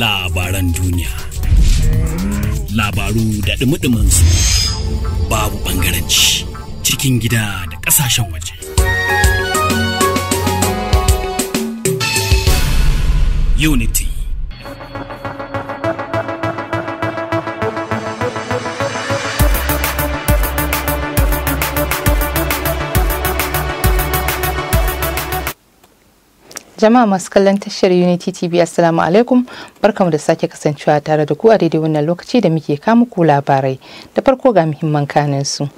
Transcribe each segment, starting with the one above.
labaran duniya. Labaru da ɗumi su babu ɓangaranci cikin gida da ƙasashen waje. Unit Jama'a masu kallon tashar Unity TV Assalamu alaikum barkamu da sake kasancewa tare da ku a daidai wannan lokaci da muke kama ku labarai da farko ga muhimman kanin su.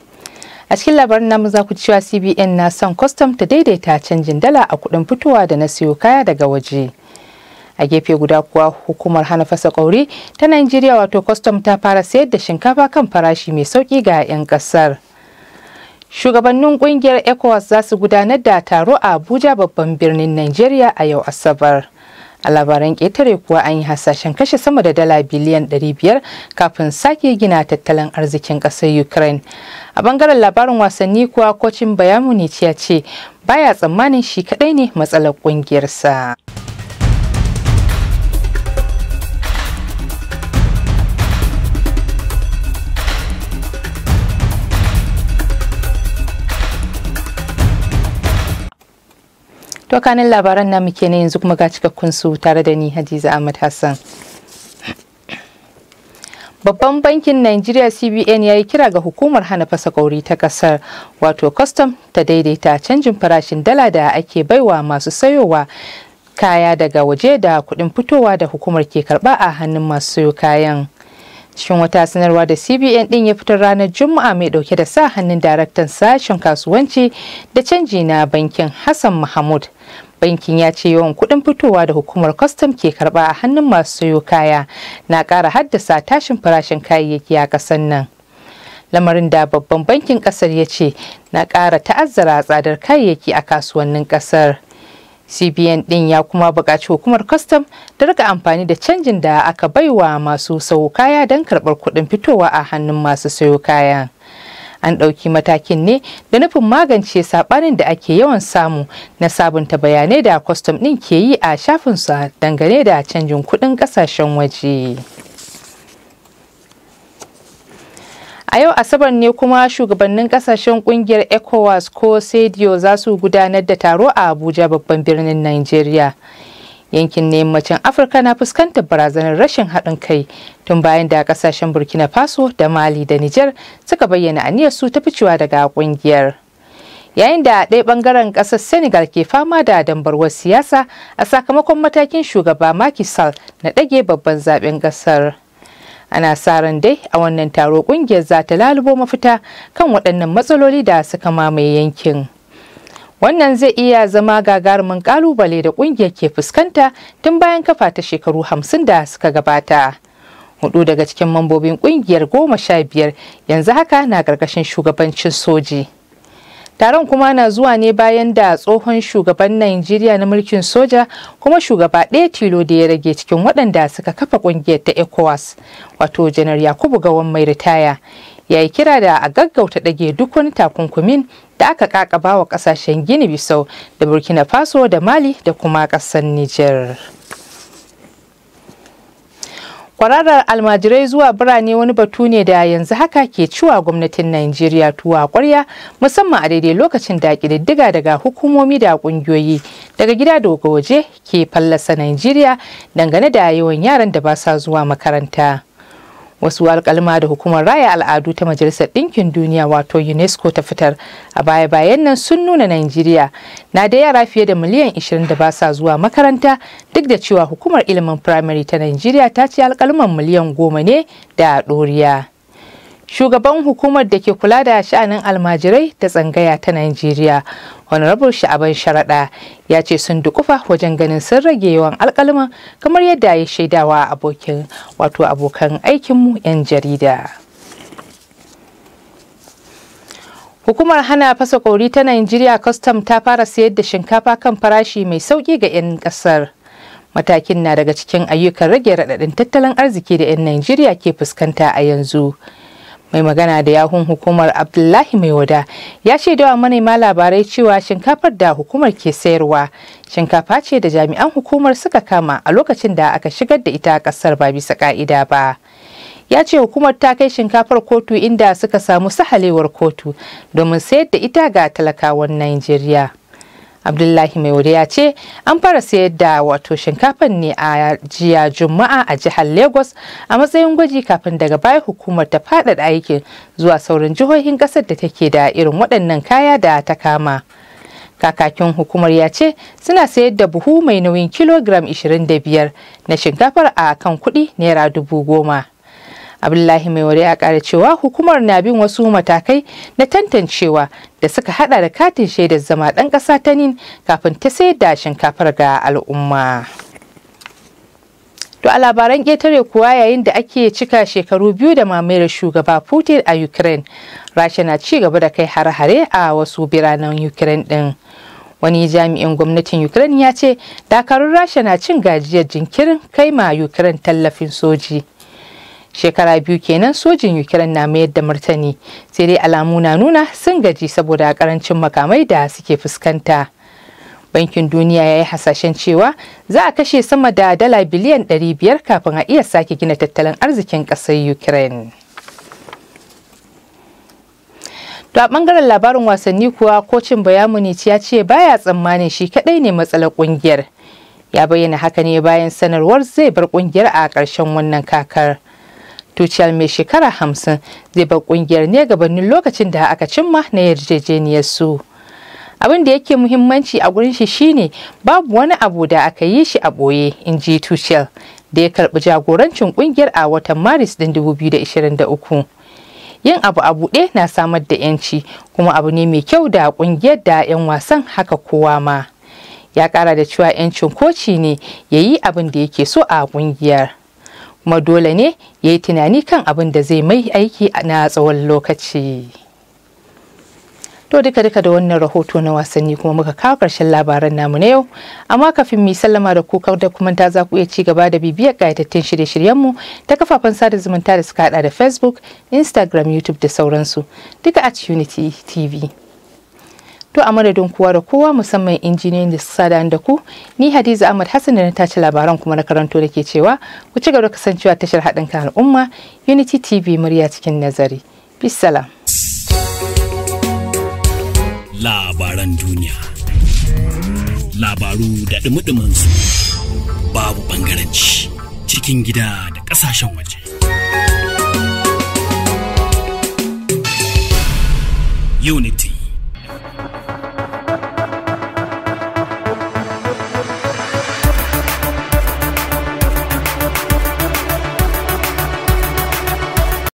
A cikin labarin namu za ku cewa CBN na son custom ta daidaita canjin dala a kuɗin fitowa da na siyo kaya daga waje. A gefe guda kuwa hukumar hana fasa ƙauri ta Najeriya wato custom ta fara sayar da shinkafa kan farashi mai sauki ga 'yan ƙasar. Shugabannin kungiyar ECOWAS za su gudanar da taro a Abuja babban birnin Najeriya a yau Asabar. A labaran ƙetare kuwa an yi hasashen kashe sama da dala biliyan 500 kafin sake gina tattalin arzikin ƙasar Ukraine. A bangaren labarin wasanni kuwa kocin Bayamuni ya ce baya tsammanin shi kaɗai ne matsalar ƙungiyarsa. to kanin labaran namu kenan yanzu kuma ga cikakkun su tare da ni hadiza ahmad hassan Babban bankin Najeriya CBN ya yi kira ga hukumar hana fasa kauri ta kasar wato custom ta daidaita canjin farashin dala da ake baiwa masu sayowa kaya daga waje da kudin fitowa da hukumar ke karba a hannun masu sayo kayan. Shin wata sanarwa da CBN din ya fitar ranar Juma'a mai dauke da sa hannun daraktan sashen kasuwanci da canji na bankin Hassan Mahmud. bankin ya ce yawan kuɗin fitowa da hukumar kwastam ke karɓa a hannun masu sayo kaya na ƙara haddasa tashin farashin kayayyaki a ƙasar nan lamarin da babban bankin ƙasar ya ce na ƙara ta'azzara tsadar kayayyaki a kasuwannin ƙasar cbn ɗin ya kuma buƙaci hukumar kwastam da rika amfani da canjin da aka baiwa masu sayo kaya don karɓar kuɗin fitowa a hannun masu sayo kaya. an ɗauki matakin ne da nufin magance saɓanin da ake yawan samu na sabunta bayanai da kwastam ɗin ke yi a shafin shafinsa dangane da canjin kuɗin ƙasashen waje. A yau Asabar ne kuma shugabannin kasashen kungiyar ECOWAS ko SEDIO za su gudanar da taro a Abuja babban birnin nigeria. yankin na yammacin afirka na fuskantar barazanar rashin haɗin kai tun bayan da ƙasashen burkina faso da mali da niger suka bayyana aniyarsu ta ficewa daga ƙungiyar yayin da ɗaya ɓangaren ƙasar senegal ke fama da dambarwar siyasa a sakamakon matakin shugaba Macky Sall na ɗage babban zaɓen ƙasar ana sa ran dai a wannan taro ƙungiyar za ta lalubo mafita kan waɗannan matsaloli da suka mamaye yankin. Wannan zai iya zama gagarumin kalubale da kungiyar ke fuskanta tun bayan kafa ta shekaru hamsin da suka gabata. Hudu daga cikin mambobin kungiyar goma sha biyar yanzu haka na ƙarƙashin shugabancin soji. Taron kuma na zuwa ne bayan da tsohon shugaban nigeria na mulkin soja kuma shugaba ɗaya tilo da ya rage cikin waɗanda suka kafa ƙungiyar ta ECOWAS wato janar Yakubu Gawan mai ritaya ya yi kira da a gaggauta ɗage duk wani takunkumin da aka kakaba wa ƙasashen gini bisau da burkina faso da mali da kuma ƙasar niger kwararar almajirai zuwa birane wani batu ne da yanzu haka ke ciwa gwamnatin Najeriya tuwa kwarya musamman a daidai lokacin da kididdiga daga hukumomi da ƙungiyoyi daga gida da waje ke fallasa Najeriya dangane da yawan yaran da ba sa zuwa makaranta. wasu alkalma da hukumar raya al'adu ta majalisar ɗinkin duniya wato unesco ta fitar a baya-bayan nan sun nuna nigeria na da yara fiye da miliyan 20 da ba sa zuwa makaranta duk da cewa hukumar ilimin firamare ta nigeria ta ce alkalman miliyan goma ne da ɗoriya. shugaban hukumar da ke kula da sha'anin almajirai da tsangaya ta Najeriya. Honorable Sha'aban Sharaɗa ya ce sun dukufa wajen ganin sun rage yawan alƙalman kamar yadda ya shaidawa abokin wato abokan aikinmu 'yan jarida. Hukumar hana fasa kori ta Najeriya custom ta fara sayar da shinkafa kan farashi mai sauƙi ga 'yan ƙasar. Matakin na daga cikin ayyukan rage raɗaɗin tattalin arziki da 'yan Najeriya ke fuskanta a yanzu. mai magana da yahun hukumar abdullahi mai wada ya ce da manema labarai cewa shinkafar da hukumar ke sayarwa shinkafa ce da jami'an hukumar suka kama a lokacin da aka shigar da ita kasar ba bisa ka'ida ba ya ce hukumar ta kai shinkafar kotu inda suka samu sahalewar kotu domin sayar da ita ga talakawan najeriya abdullahi mai ya ce an fara sayar da wato shinkafan ne a jiya juma'a a jihar lagos a matsayin gwaji kafin daga baya hukumar ta faɗaɗa aikin zuwa sauran jihohin ƙasar da take da irin waɗannan kaya da ta kama kakakin hukumar ya ce suna sayar da buhu mai nauyin kilogram 25 na shinkafar a kan kuɗi naira dubu goma abdullahi mai wari ya kara cewa hukumar na bin wasu matakai na tantancewa da suka hada da katin shaidar zama ɗan ƙasa ta nin kafin ta sayar da shinkafar ga al'umma To a labaran ƙetare kuwa yayin da ake cika shekaru biyu da mamayar shugaba Putin a Ukraine, Rasha na ci gaba da kai har-hare a wasu biranen Ukraine ɗin. Wani jami'in gwamnatin Ukraine ya ce dakarun Rasha na cin gajiyar jinkirin kai ma Ukraine tallafin soji. shekara biyu kenan sojin ukraine na mayar da martani sai dai alamu na nuna sun gaji saboda karancin makamai da suke fuskanta bankin duniya ya yi hasashen cewa za a kashe sama da dala biliyan 500 kafin a iya sake gina tattalin arzikin ƙasar ukraine To a bangaren labarin wasanni kuwa kocin bayamuni ya ce baya tsammanin shi kadai ne matsalar kungiyar. Ya bayyana haka ne bayan sanarwar zai bar kungiyar a ƙarshen wannan kakar. tuchel mai shekara hamsin zai bar kungiyar ne gabanin lokacin da aka cimma na yarjejeniyar su abin da yake muhimmanci a gurin shi shine babu wani abu da aka yi shi a boye in ji tuchel da ya karbi jagorancin kungiyar a watan maris din 2023 yin abu a buɗe na samar da 'yanci kuma abu ne mai kyau da kungiyar da 'yan wasan haka kowa ma ya kara da cewa 'yancin koci ne ya yi abin da yake so a kungiyar. kuma dole ne ya yi tunani kan abin da zai mai aiki na tsawon lokaci to duka duka da wannan rahoto na wasanni kuma muka kawo karshen labaran namu na yau amma kafin mu sallama da kuka da kuma ta za ku iya ci gaba da bibiyar kayatattun shirye-shiryenmu ta kafafen sada zumunta da suka haɗa da facebook instagram youtube da sauransu duka at unity tv To a madadin kowa da kowa musamman injiniyan da sada da ku ni Hadiza Ahmad Hassan da na tace labaran kuma na karanto da ke cewa ku ci gaba da kasancewa tashar haɗin kan al'umma Unity TV murya cikin nazari. Bisalam. Labaran duniya. Labaru da dumi su babu ɓangaranci cikin gida da ƙasashen waje. Unity.